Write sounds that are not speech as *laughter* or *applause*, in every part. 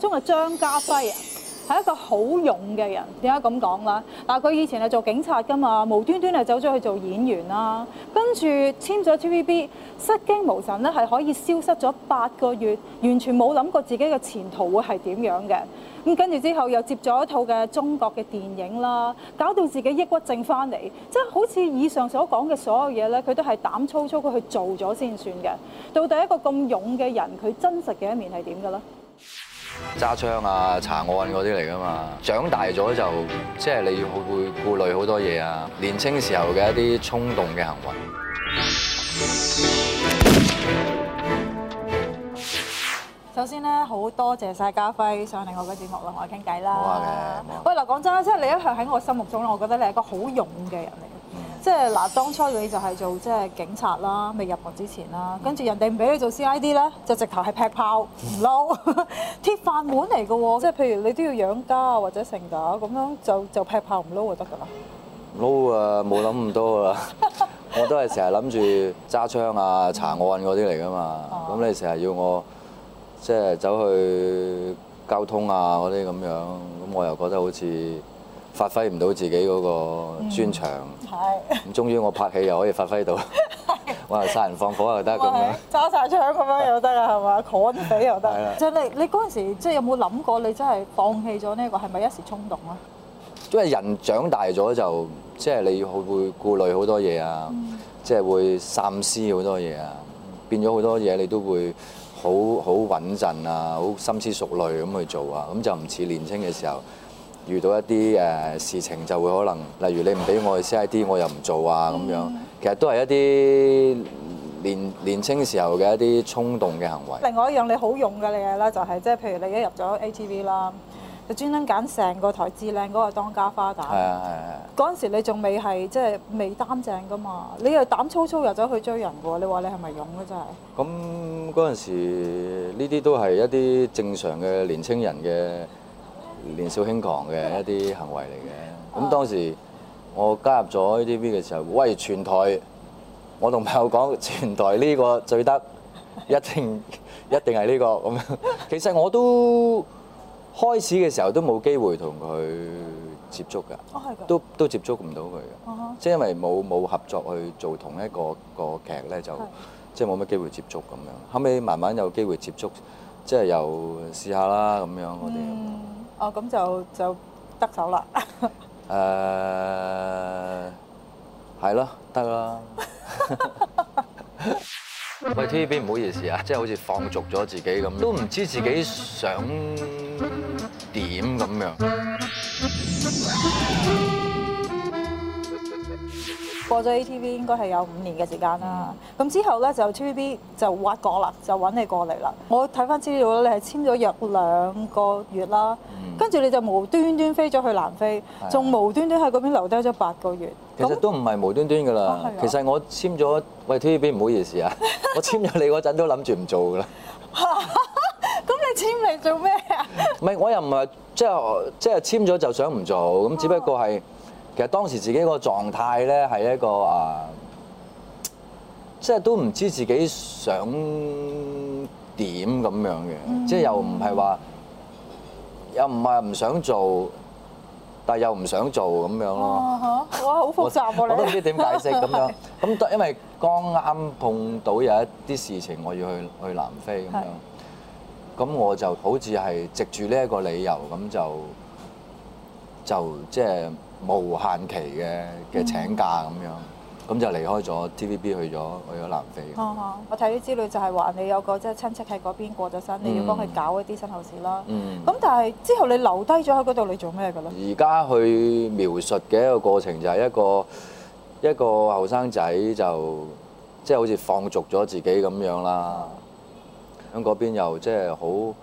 中係張家輝啊，係一個好勇嘅人。點解咁講啦？但，佢以前係做警察㗎嘛，無端端係走咗去做演員啦。跟住簽咗 TVB，失驚無神咧，係可以消失咗八個月，完全冇諗過自己嘅前途會係點樣嘅。咁跟住之後又接咗一套嘅中國嘅電影啦，搞到自己抑鬱症翻嚟，即係好似以上所講嘅所有嘢咧，佢都係膽粗粗，佢去做咗先算嘅。到底一個咁勇嘅人，佢真實嘅一面係點嘅咧？揸槍啊，查案嗰啲嚟噶嘛。長大咗就即係你要會顧慮好多嘢啊。年輕時候嘅一啲衝動嘅行為。首先咧，好多謝晒家輝上嚟我嘅節目同我傾偈啦。喂，嗱講真啦，即係你一向喺我心目中咧，我覺得你係一個好勇嘅人嚟。即係嗱，當初你就係做即係警察啦，未入行之前啦，跟住人哋唔俾你做 CID 咧，就直頭係劈炮唔撈， *laughs* 鐵飯碗嚟嘅喎。即係譬如你都要養家或者成家，咁樣就就劈炮唔撈就得㗎啦。撈啊，冇諗咁多啊，我都係成日諗住揸槍啊、查案嗰啲嚟㗎嘛。咁 *laughs* 你成日要我即係走去交通啊嗰啲咁樣，咁我又覺得好似發揮唔到自己嗰個專長，咁、嗯，終於我拍戲又可以發揮到，的 *laughs* 哇！殺人放火又得咁、就是、樣，揸曬槍咁樣又得啊，係嘛 *laughs* 的？砍死又得。真係你嗰陣時，即係有冇諗過？你真係放棄咗呢、這個係咪一時衝動啊？因為人長大咗就即係、就是、你會顧慮好多嘢啊，嗯、即係會三思好多嘢啊，嗯、變咗好多嘢你都會好好穩陣啊，好深思熟慮咁去做啊，咁就唔似年輕嘅時，時候。遇到一啲誒事情就會可能，例如你唔俾我去 C I D，我又唔做啊咁樣。其實都係一啲年年青時候嘅一啲衝動嘅行為。另外一樣你好勇嘅嘢咧，就係即係譬如你一入咗 A T V 啦，就專登揀成個台最靚嗰個當家花旦。係啊，係係。嗰陣時你仲未係即係未擔正㗎嘛？你又膽粗粗入咗去追人喎？你話你係咪勇咧真係？咁嗰陣時呢啲都係一啲正常嘅年青人嘅，年少輕狂嘅一啲行為嚟嘅。咁當時我加入咗 TVB 嘅時候，喂，全台我同朋友講，全台呢個最得，一定一定係呢、呢個咁樣。 *laughs* 其實我都開始嘅時候都冇機會同佢接觸㗎，哦、都都接觸唔到佢嘅，uh huh. 即係因為冇冇合作去做同一個一個劇咧，就是即係冇乜機會接觸咁樣。後尾慢慢有機會接觸，即係又試下啦咁樣，我哋、嗯。哦，咁就就得手啦。Uh, 誒， *laughs* 係咯，得啦。喂，TVB 唔好意思啊，即係好似放逐咗自己咁，都唔知自己想點咁樣。過咗 ATV 應該係有五年嘅時間啦，咁 *noise* 之後咧就 TVB 就挖角啦，就揾你過嚟啦。我睇翻資料你係簽咗約兩個月啦，跟住你就無端端飛咗去南非，仲無端端喺嗰邊留低咗八個月。其實都唔係無端端㗎啦，其實我簽咗，喂 TVB 唔好意思啊，我簽咗你嗰陣都諗住唔做㗎啦、 *laughs* 啊。咁、啊啊、你簽嚟做咩啊？唔係我又唔係即係即係簽咗就想唔做，咁只不過係。其實當時自己個狀態咧係一個啊，即係都唔知自己想點咁樣嘅，即係又唔係話又唔係唔想做，但係又唔想做咁樣咯。哇，好複雜喎，我都唔知點解釋咁樣咁，因為剛啱碰到有一啲事情，我要去去南非咁樣，咁我就好似係藉住呢一個理由咁就就即係，無限期嘅嘅請假咁、嗯、樣，咁就離開咗 TVB 去咗去咗南非。嗯、咁樣。我睇啲資料就係話你有個即係親戚喺嗰邊過咗身，你要幫佢搞一啲身後事啦。咁、嗯、但係之後你留低咗喺嗰度，你做咩㗎咧？而家去描述嘅一個過程就係一個一個後生仔就即係、就是、好似放逐咗自己咁樣啦，喺嗰邊又即係好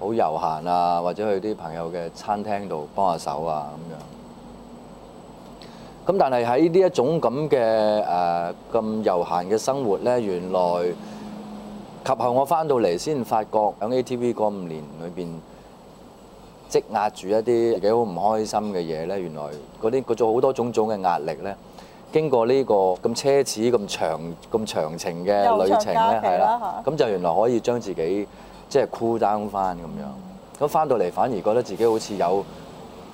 好悠閒啊，或者去啲朋友嘅餐廳度幫下手啊咁樣。咁但係喺呢一種咁嘅誒咁悠閒嘅生活呢，原來及後我翻到嚟先發覺，響 A T V 嗰五年裏邊積壓住一啲自己好唔開心嘅嘢呢。原來嗰啲佢做好多種種嘅壓力呢，經過呢個咁奢侈、咁長、咁長程嘅旅程呢，係啦，咁的、啊、就原來可以將自己即係 cool down 翻咁樣，咁翻到嚟反而覺得自己好似有。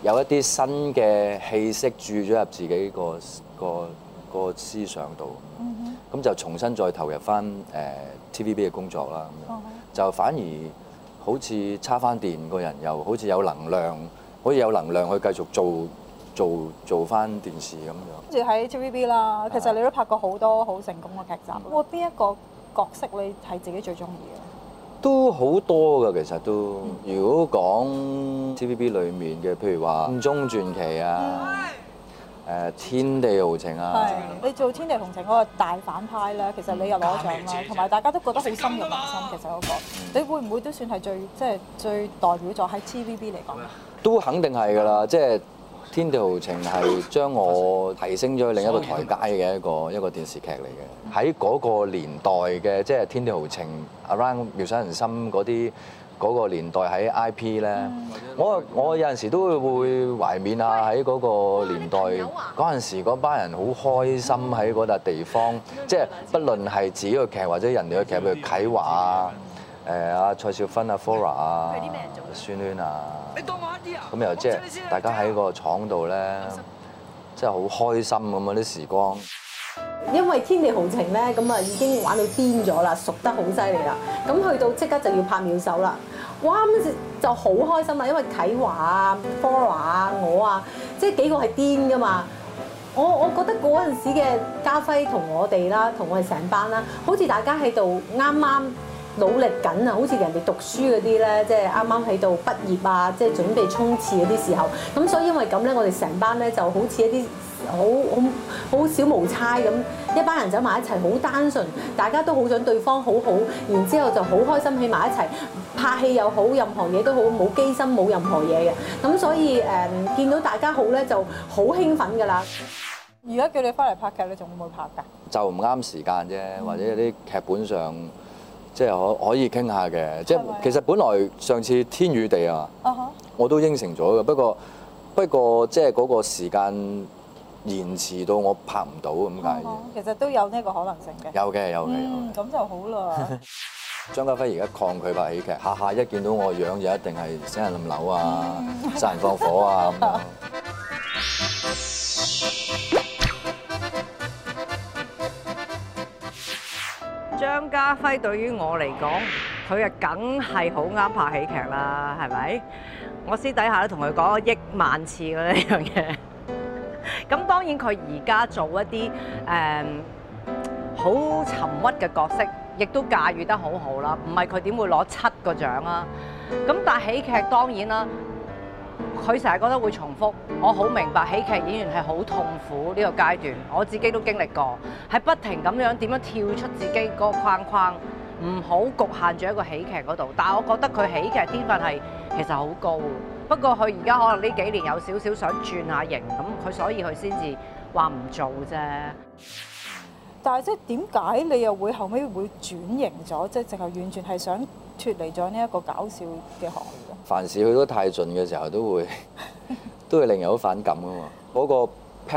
有一啲新嘅氣息注咗入自己個個個思想度，咁、mm hmm. 就重新再投入翻誒、呃、TVB 嘅工作啦。咁樣、oh. 就反而好似叉翻電個人又好似有能量，好似有能量去繼續做做做翻電視咁樣。跟住喺 TVB 啦，其實你都拍過好多好成功嘅劇集。我邊、嗯、一個角色你係自己最中意？都好多㗎，其實都。嗯、如果講 TVB 裡面嘅，譬如話《劍中傳奇》啊，誒、嗯呃《天地豪情》啊，係你做《天地豪情》嗰個大反派咧，其實你又攞獎啦，同埋大家都覺得好深入民心。其實嗰、那個，嗯、你會唔會都算係最即係最代表咗喺 TVB 嚟講？都肯定係㗎啦，即係、嗯。就是《天地，天地豪情》係將我提升咗另一個台階嘅一個一個電視劇嚟嘅。喺嗰、那個年代嘅，即係、嗯《天地豪情》、《Around》、《妙手仁心》嗰啲嗰個年代喺 I P 咧，我我有陣時都會懷緬啊！喺嗰個年代嗰陣時，嗰班人好開心喺嗰笪地方，即係、嗯、不論係自己嘅劇或者人哋嘅劇，譬如啟華啊。誒，阿蔡少芬啊，Flora 啊，啲孫��啊，你當我一啲啊？咁又即係大家喺個廠度咧，即係好開心咁嗰啲時光。因為天地豪情咧，咁啊已經玩到癲咗啦，熟得好犀利啦。咁去到即刻就要拍秒手啦。哇，咁就好開心啦，因為啟華啊，Flora 啊，我啊，即係幾個係癲噶嘛。我我覺得嗰陣時嘅家輝同我哋啦，同我哋成班啦，好似大家喺度啱啱努力緊啊！好似人哋讀書嗰啲咧，即係啱啱喺度畢業啊，即係準備衝刺嗰啲時候。咁所以因為咁咧，我哋成班咧就好似一啲好好好小無猜咁，一班人走埋一齊，好單純，大家都好想對方好好，然之後就好開心喺埋一齊拍戲又好，任何嘢都好，冇機心，冇任何嘢嘅。咁所以誒，見到大家好咧，就好興奮㗎啦！而家叫你翻嚟拍劇，你仲會唔會拍㗎？就唔啱時間啫，或者啲劇本上。即係可可以傾下嘅，即係其實本來上次《天與地》啊，uh huh. 我都應承咗嘅，不過不過即係嗰個時間延遲到我拍唔到咁解。Uh huh. 其實都有呢個可能性嘅。有嘅、嗯、有嘅的有。咁、嗯、就好啦。 *laughs* 張家輝而家抗拒拍喜劇，下下一見到我樣就一定係殺人冧樓啊， *laughs* 殺人放火啊咁樣。 *laughs* *noise* 家輝對於我嚟講，佢啊梗係好啱拍喜劇啦，係咪？我私底下都同佢講咗億萬次嘅呢樣嘢。咁 *laughs* 當然佢而家做一啲誒好沉鬱嘅角色，亦都駕馭得好好啦。唔係佢點會攞七個獎啊？咁但係喜劇當然啦。佢成日覺得會重複，我好明白喜劇演員係好痛苦呢個階段，我自己都經歷過，係不停咁樣點樣跳出自己個框框，唔好局限住喺個喜劇嗰度。但係我覺得佢喜劇天份係其實好高，不過佢而家可能呢幾年有少少想轉下型，咁佢所以佢先至話唔做啫。但係即係點解你又會後尾會轉型咗？即係淨係完全係想脫離咗呢一個搞笑嘅行業？凡事去得太盡嘅時候，都會都會令人好反感噶嘛。嗰、那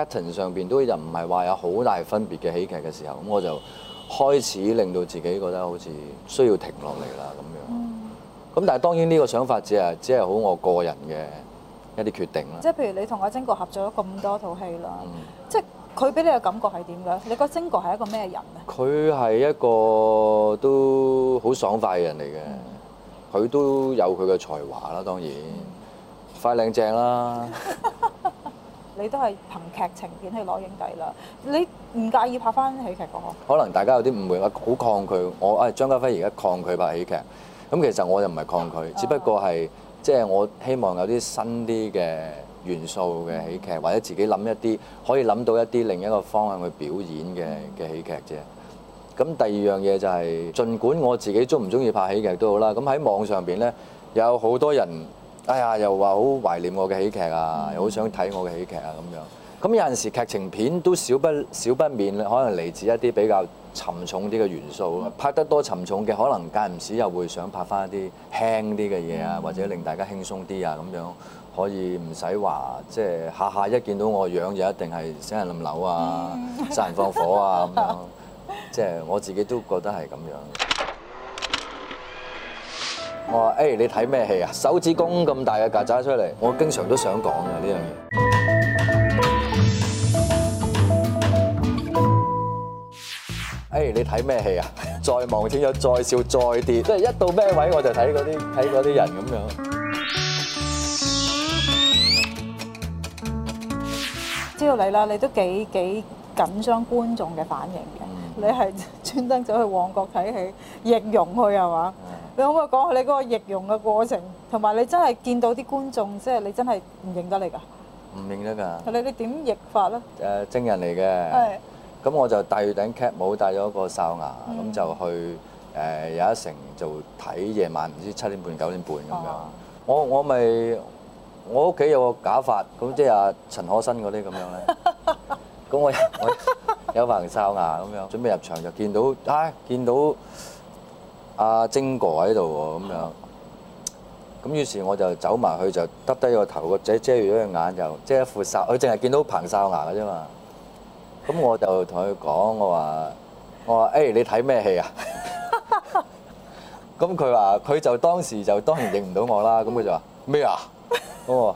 個 pattern 上邊都就唔係話有好大分別嘅喜劇嘅時候，咁我就開始令到自己覺得好似需要停落嚟啦咁樣。咁、嗯、但係當然呢個想法只係只係好我個人嘅一啲決定啦。即係譬如你同阿晶哥合作咗咁多套戲啦，嗯、即係佢俾你嘅感覺係點㗎？你覺得晶哥係一個咩人啊？佢係一個都好爽快嘅人嚟嘅。佢都有佢嘅才華啦，當然快、靚、正啦。 *laughs* 你都係憑劇情片去攞影帝啦，你唔介意拍翻喜劇嘅喎？可能大家有啲誤會，好抗拒我。誒，張家輝而家抗拒拍喜劇，咁其實我又唔係抗拒，只不過係即係我希望有啲新啲嘅元素嘅喜劇，或者自己諗一啲可以諗到一啲另一個方向去表演嘅嘅喜劇啫。咁第二樣嘢就係、是，儘管我自己鍾唔鍾意拍喜劇都好啦，咁喺網上邊呢，有好多人，哎呀又話好懷念我嘅喜劇啊，mm hmm. 又好想睇我嘅喜劇啊咁樣。咁有陣時劇情片都少不少不免，可能嚟自一啲比較沉重啲嘅元素。拍得多沉重嘅，可能間唔時又會想拍返一啲輕啲嘅嘢啊，或者令大家輕鬆啲啊咁樣，可以唔使話即係下下一見到我樣就一定係殺人冧樓啊、mm hmm. 殺人放火啊咁樣。 *laughs* 即係、就是、我自己都覺得係咁樣我。我話誒，你睇咩戲啊？手指公咁大嘅曱甴出嚟，我經常都想講嘅呢樣嘢。誒、欸，你睇咩戲啊？再望天又再笑再跌，即係一到咩位我就睇嗰啲睇嗰啲人咁樣。知道你啦，你都幾幾緊張觀眾嘅反應嘅。你係專登走去旺角睇戲，易容去係嘛？你可唔可以講下你嗰個易容嘅過程，同埋你真係見到啲觀眾，即係你真係唔認得你㗎？唔認得㗎。你你點易法咧？誒，精人嚟嘅。係。咁我就戴住頂 cap 帽，戴咗個哨牙，咁就去誒，有一成就睇夜晚，唔知七點半九點半咁樣。我我咪我屋企有個假髮，咁即係阿陳可辛嗰啲咁樣咧。咁我又我。有彭哨牙咁樣，準備入場就見到，唉、啊，見到阿、啊、貞哥喺度喎，咁樣，咁於是我就走埋去，就耷低個頭，個仔遮住咗隻眼，就遮一副哨，佢淨係見到彭哨牙嘅啫嘛。咁、嗯、我就同佢講，我話，我話，誒、hey,，你睇咩戲啊？咁佢話，佢就當時就當然認唔到我啦。咁、嗯、佢就話咩啊？咁、 *laughs* 嗯、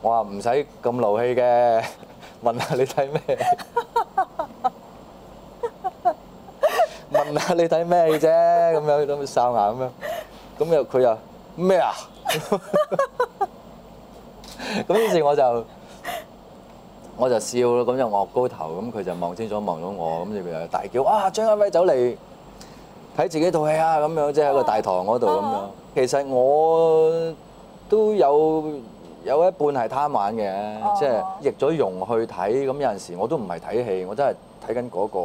我話唔使咁勞氣嘅，so、loud, 問下你睇咩？你睇咩啫？咁樣咁樣哨牙咁樣，咁又佢又咩啊？咁 *laughs* 於是我就我就笑咯，咁就昂高頭，咁佢就望清楚望到我，咁佢咪大叫：，啊，張一偉走嚟睇自己套戲啊！咁樣即係喺個大堂嗰度咁樣。其實我都有有一半係貪玩嘅，即係、啊、逆咗容去睇。咁有陣時我都唔係睇戲，我真係睇緊嗰個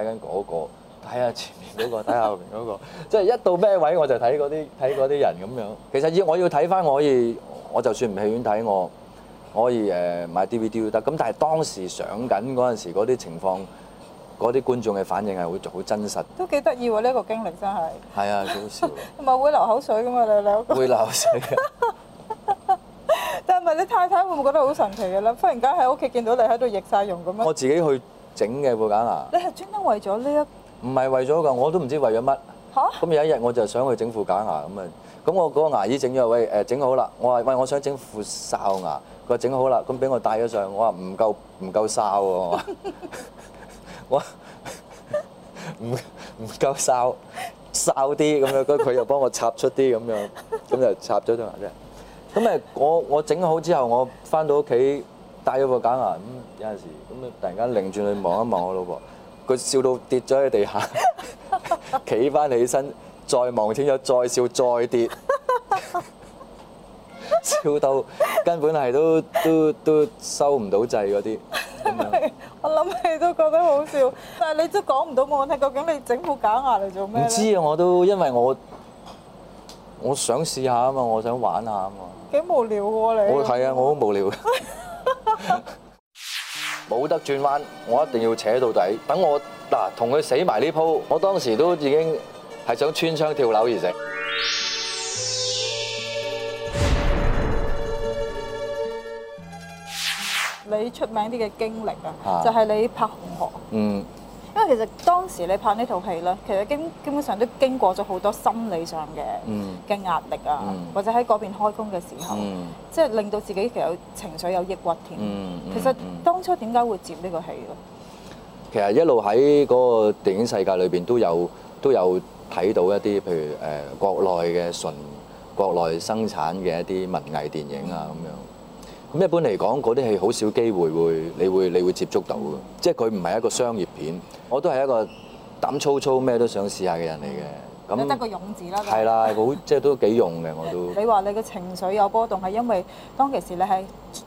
睇緊嗰個。睇下前面嗰個，睇下後面嗰個，即 *laughs* 係一到咩位我就睇嗰啲睇嗰啲人咁樣。其實要我要睇翻，我可以我就算唔戲院睇，我可以誒買 D V D 都得。咁但係當時上緊嗰陣時，嗰啲情況，嗰啲觀眾嘅反應係會好真實。都幾得意喎！呢個經歷真係係啊，幾好笑。同埋會流口水咁啊？你兩個會流口水， *laughs* *laughs* 但係唔你太太會唔會覺得好神奇啊？啦，忽然間喺屋企見到你喺度逆晒容咁樣。我自己去整嘅喎，簡娜。你係專登為咗呢一？唔係為咗㗎，我都唔知為咗乜。咁、啊、有一日我就想去整副假牙咁啊，咁我嗰個牙醫整咗，喂誒整、欸、好啦，我話喂我想整副哨牙，佢話整好啦，咁俾我戴咗上，我話唔夠唔夠哨，我話 *laughs* 我唔唔夠哨，哨啲咁樣，佢又幫我插出啲咁樣，咁就插咗對牙啫。咁誒我我整好之後，我翻到屋企戴咗副假牙，咁有陣時咁啊突然間擰轉嚟望一望我老婆。 *laughs* 佢笑到跌咗喺地下，企 *laughs* 翻起身，再望天一，再笑，再跌，笑，笑到根本係都都都收唔到掣，嗰啲。我諗你都覺得好笑， *laughs* 但係你都講唔到我睇究竟你整副假牙嚟做咩？唔知啊，我都因為我我想試下啊嘛，我想玩下啊嘛。幾無聊喎、啊、你、啊？我係 *laughs* 啊，我好無聊。 *laughs* 冇得轉彎，我一定要扯到底。等我嗱同佢死埋呢鋪，我當時都已經係想穿窗跳樓而食。 *noise* 你出名啲嘅經歷啊，就係、是、你拍紅殼。嗯。 *noise* *noise* 因為其實當時你拍呢套戲咧，其實基基本上都經過咗好多心理上嘅嘅壓力啊，或者喺嗰邊開工嘅時候，即係令到自己其實情緒有抑鬱添。其實當初點解會接呢個戲咧？其實一路喺嗰個電影世界裏邊都有都有睇到一啲，譬如誒國內嘅純國內生產嘅一啲文藝電影啊咁樣。咁一般嚟講，嗰啲係好少機會會你會你會接觸到嘅，即係佢唔係一個商業片。我都係一個膽粗粗咩都想試下嘅人嚟嘅。咁得個勇字啦，係啦，好即係都幾勇嘅我都。你話你嘅情緒有波動係因為當其時你係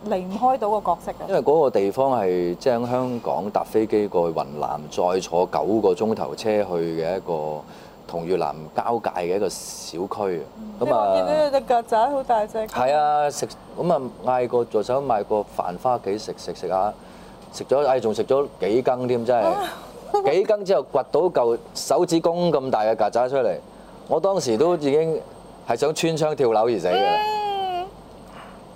離唔開到個角色嘅。因為嗰個地方係即係喺香港搭飛機過去雲南，再坐九個鐘頭車去嘅一個，同越南交界嘅一個小區，咁、嗯、就啊，見到隻曱甴好大隻。係啊，食咁啊，嗌個助手買個繁花杞食食食下，食咗，唉，仲食咗幾羹添，真係 *laughs* 幾羹之後掘到嚿手指公咁大嘅曱甴出嚟，我當時都已經係想穿窗跳樓而死嘅啦！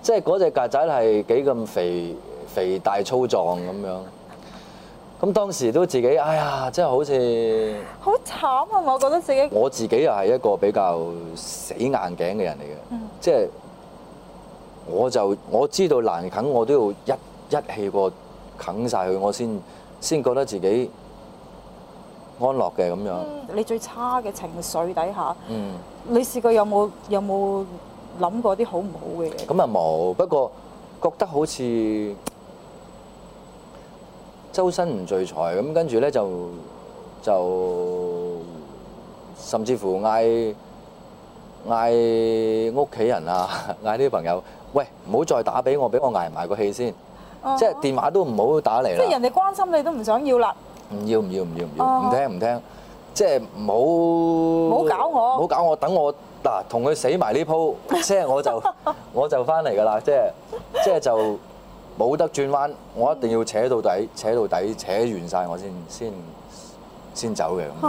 即係嗰隻曱甴係幾咁肥肥大粗壯咁樣。的 *laughs* 咁當時都自己，哎呀，真係好似好慘啊！我覺得自己我自己又係一個比較死硬頸嘅人嚟嘅，即係、嗯、我就我知道難啃，我都要一一氣過啃晒佢，我先先覺得自己安樂嘅咁樣、嗯。你最差嘅情緒底下，嗯、你試過有冇有冇諗過啲好唔好嘅嘢？咁啊冇，不過覺得好似。周身唔聚財，咁跟住咧就就甚至乎嗌嗌屋企人啊，嗌啲朋友，喂，唔好再打俾我，俾我挨埋個氣先，即係電話都唔好打嚟啦。即係人哋關心你都唔想要啦。唔要唔要唔要唔要唔聽唔聽，即係唔好唔好搞我，唔好搞我，等我嗱同佢死埋呢鋪，即係我就我就翻嚟噶啦，即係即係就。冇得轉彎，我一定要扯到底，扯到底，扯到底，扯完晒我先先先走嘅咁。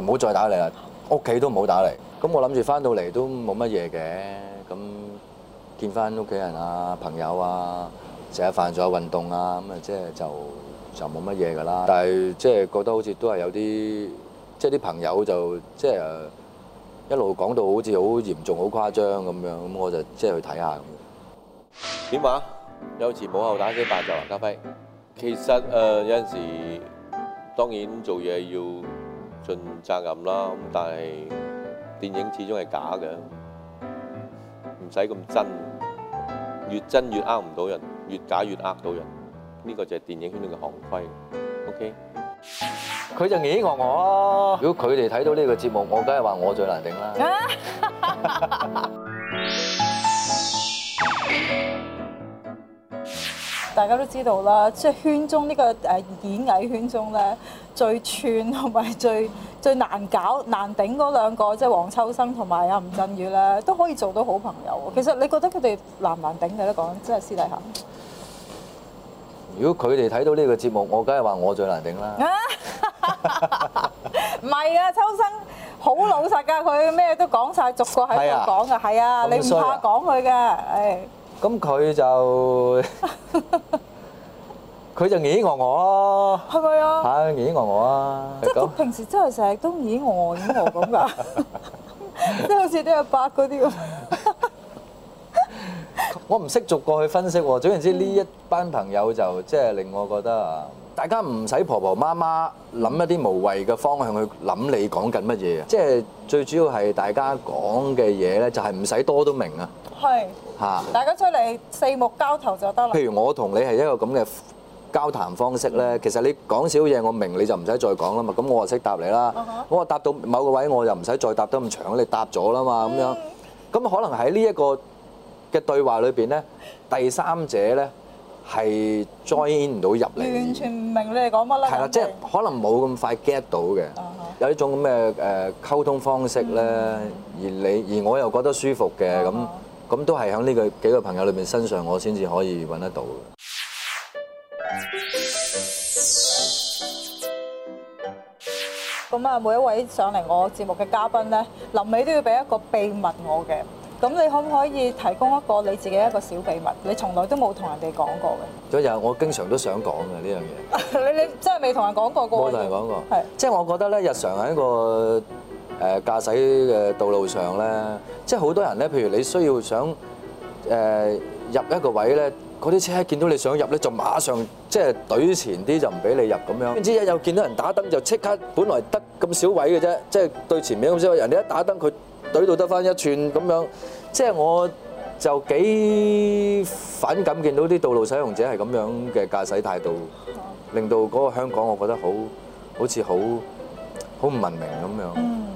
唔好 *laughs* 再打嚟啦，屋企都唔好打嚟。咁我諗住翻到嚟都冇乜嘢嘅。咁見翻屋企人啊、朋友啊，食下飯，做下運動啊，咁啊即係就就冇乜嘢㗎啦。但係即係覺得好似都係有啲，即係啲朋友就即係一路講到好似好嚴重、好誇張咁樣，咁我就即係去睇下咁。點話？有前無後，打死罷就黃家輝，其實誒有陣時當然做嘢要盡責任啦，但係電影始終係假嘅，唔使咁真，越真越呃唔到人，越假越呃到人，呢個就係電影圈嘅行規。OK，佢就影我。如果佢哋睇到呢個節目，我梗係話我最難頂啦。大家都知道啦，即係圈中呢個誒演藝圈中咧最串同埋最最難搞難頂嗰兩個，即係黃秋生同埋阿吳鎮宇咧，都可以做到好朋友。其實你覺得佢哋難唔難頂嘅咧？講真係私底下。如果佢哋睇到呢個節目，我梗係話我最難頂啦。唔係啊，秋生好老實㗎，佢咩都講晒，逐個喺度講啊，係啊，你唔怕講佢㗎，唉。咁佢就佢就戇戇咯，係咪啊？咦戇我啊！即係佢平時真係成日都戇戇戇咁㗎，即係好似啲阿伯嗰啲咁。我唔識逐個去分析喎、喔。總言之，呢一班朋友就即係令我覺得啊。大家唔使婆婆媽媽諗一啲無謂嘅方向去諗你講緊乜嘢，即係最主要係大家講嘅嘢咧，就係唔使多都明啊。係嚇，大家出嚟四目交投就得啦。譬如我同你係一個咁嘅交談方式咧，其實你講少嘢我明，你就唔使再講啦嘛。咁我就識答你啦，我話答到某個位我就唔使再答得咁長，你答咗啦嘛咁樣。咁可能喺呢一個嘅對話裏邊咧，第三者咧。係 join 唔到入嚟，完全唔明你哋講乜啦。係啦，即係可能冇咁快 get 到嘅，有呢種咁嘅誒溝通方式咧，而你而我又覺得舒服嘅，咁咁都係喺呢個幾個朋友裏邊身上，我先至可以揾得到。咁啊，每一位上嚟我節目嘅嘉賓咧，臨尾都要俾一個秘密我嘅。咁你可唔可以提供一個你自己一個小秘密？你從來都冇同人哋講過嘅。嗰日我經常都想講嘅呢樣嘢。你你真係未同人講過過？冇同人講過。係。即係我覺得咧，日常喺一個誒駕駛嘅道路上咧，即係好多人咧，譬如你需要想誒入一個位咧，嗰啲車見到你想入咧，就馬上即係對前啲就唔俾你入咁樣。點知一有見到人打燈就即刻，本來得咁少位嘅啫，即係對前面咁少，人哋一打燈佢。隊到得返一寸咁樣，即係我就幾反感見到啲道路使用者係咁樣嘅駕駛態度，令到嗰個香港我覺得好好似好好唔文明咁樣。嗯。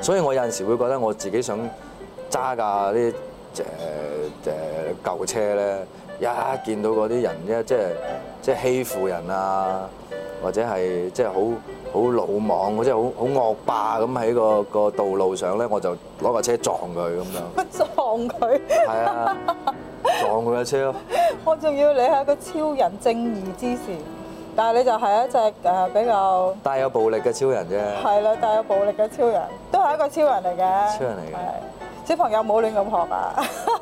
所以我有陣時會覺得我自己想揸架啲誒誒舊車咧，一見到嗰啲人咧，即係即係欺負人啊，或者係即係好。好魯莽，即係好好惡霸咁喺個個道路上咧，我就攞架車撞佢咁樣。撞佢他？係 *laughs* 啊，撞佢架車咯。我仲要你係一個超人正義之士，但係你就係一隻誒比較帶有暴力嘅超人啫。係啦，帶有暴力嘅超人，都係一個超人嚟嘅。超人嚟嘅，小朋友冇亂咁學啊！ *laughs*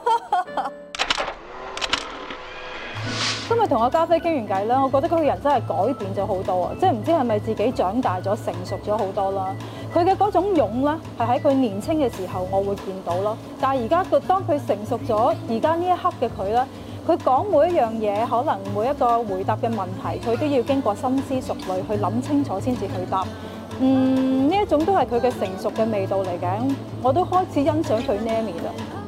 因為同阿加菲傾完偈啦，我覺得佢個人真係改變咗好多啊！即係唔知係咪自己長大咗、成熟咗好多啦。佢嘅嗰種勇咧，係喺佢年青嘅時候，我會見到咯。但係而家佢當佢成熟咗，而家呢一刻嘅佢咧，佢講每一樣嘢，可能每一個回答嘅問題，佢都要經過深思熟慮去諗清楚先至去答。嗯，呢一種都係佢嘅成熟嘅味道嚟嘅。我都開始欣賞佢 Nami 啦。